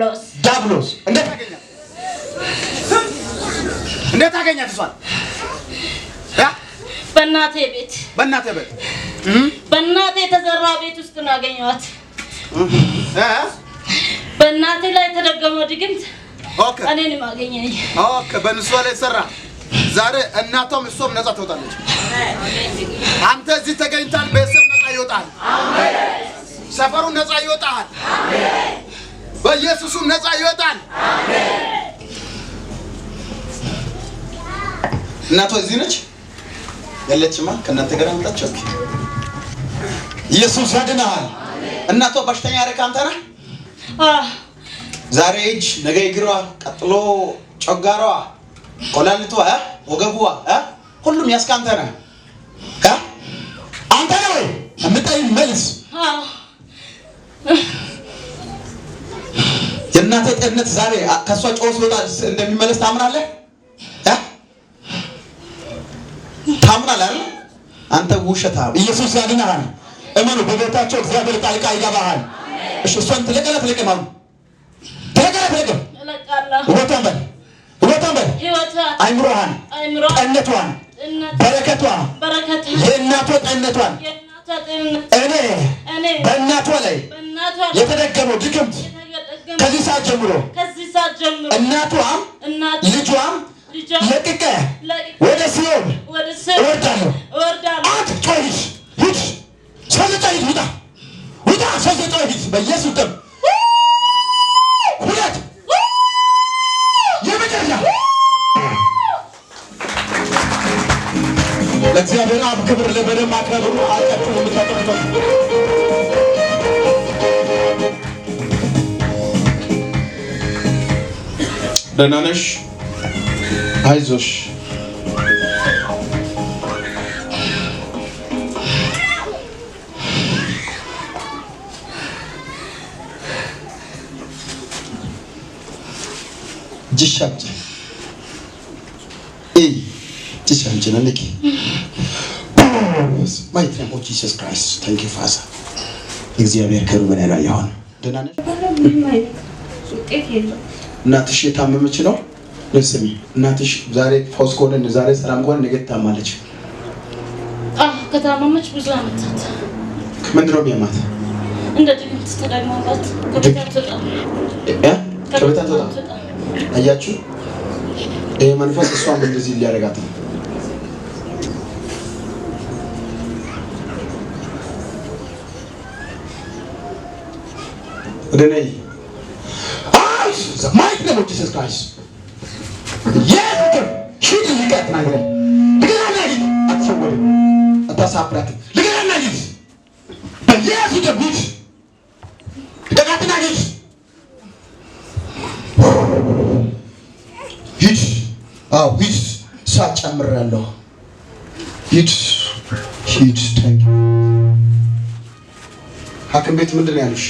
ዳብሎስ ዳብሎስ እንዴት አገኛት? እንዴት አገኛት? እሷን በእናቴ ቤት በእናቴ ቤት በእናቴ የተዘራ ቤት ውስጥ ነው ያገኘኋት። በእናቴ ላይ የተደገመው ድግምት እኔንም አገኘኝ። በእሷ ላይ የተሰራ ዛሬ እናቷም እሷም ነፃ ትወጣለች። አንተ እዚህ ተገኝታል፣ ቤተሰብ ነፃ ይወጣል፣ ሰፈሩ ነፃ ይወጣል። ከሱሱ ነፃ ይወጣል። እናቷ እዚህ ነች ያለችማ፣ ከእናንተ ጋር አምጣቸው። ኢየሱስ ያድናል። እናቷ በሽተኛ ያደረግህ አንተ ነህ። ዛሬ እጅ፣ ነገ እግሯ፣ ቀጥሎ ጨጓራዋ፣ ኮላልቷ፣ ወገቧ ሁሉም ያስካንተ ነህ። ከገነት ዛሬ ከእሷ ጨው ሲወጣ እንደሚመለስ ታምናለህ? ታምናለህ አይደል? አንተ ውሸታም! ኢየሱስ ያድናል። እመኑ። በቤታቸው እግዚአብሔር ጣልቃ ይገባሃል። እሺ፣ እሷን ትለቀለ ትለቀማ ትለቀለ ትለቀም ወጣን በል ወጣን በል አይምሮሃን፣ ጠነቷን በረከቷ የእናቷ ጠነቷን እኔ በእናቷ ላይ የተደገመው ድግምት ከዚህ ሰዓት ጀምሮ እናቷም ልጇም ለቅቄ ወደ ሲኦል እወርዳለሁ። አንቺ ጮሂ ሂድ፣ ሰዘጠኝ ውጣ፣ ውጣ፣ ሰዘጠኝ ሂድ በኢየሱስ ደም ሁለት የመጨረሻ ለእግዚአብሔር አብ ክብር ለበደም አክብሩ አቀጥሉ የምታጠቅበት ደህና ነሽ? አይዞሽ። ጅሻምጭ ጅሻምጭ ነልኪ ማየት ነው። ኦ ጂሰስ ክራይስት ታንክ እናትሽ የታመመች ነው። ስሚ እናትሽ ዛሬ ፈውስ ከሆነ ዛሬ ሰላም ከሆነ ነገ ትታማለች። ከታመመች ብዙ አመታት ምንድን የሚያማት? እንደ ድግምት ተደግሞባት ከቤት አትወጣም። አያችሁ፣ ይህ መንፈስ እሷም እንደዚህ ሊያደርጋት ነው። ወደ ነይ Christ, the mighty name of ሂድ ሂድ ሐኪም ቤት ምንድን ነው ያሉሽ?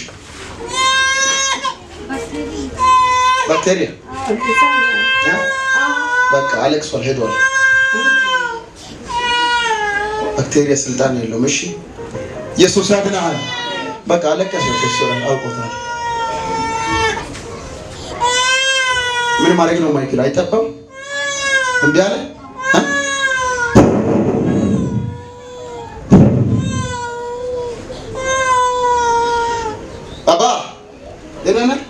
بكتيريا بك عليكس والهيدول بكتيريا سلداني اللي مشي يسوع سابنا عالي بك عليك يا أو قطار ምን ማድረግ ነው ማይክል? አይጠባም። እምቢ አለ። አባ ደህና ነህ?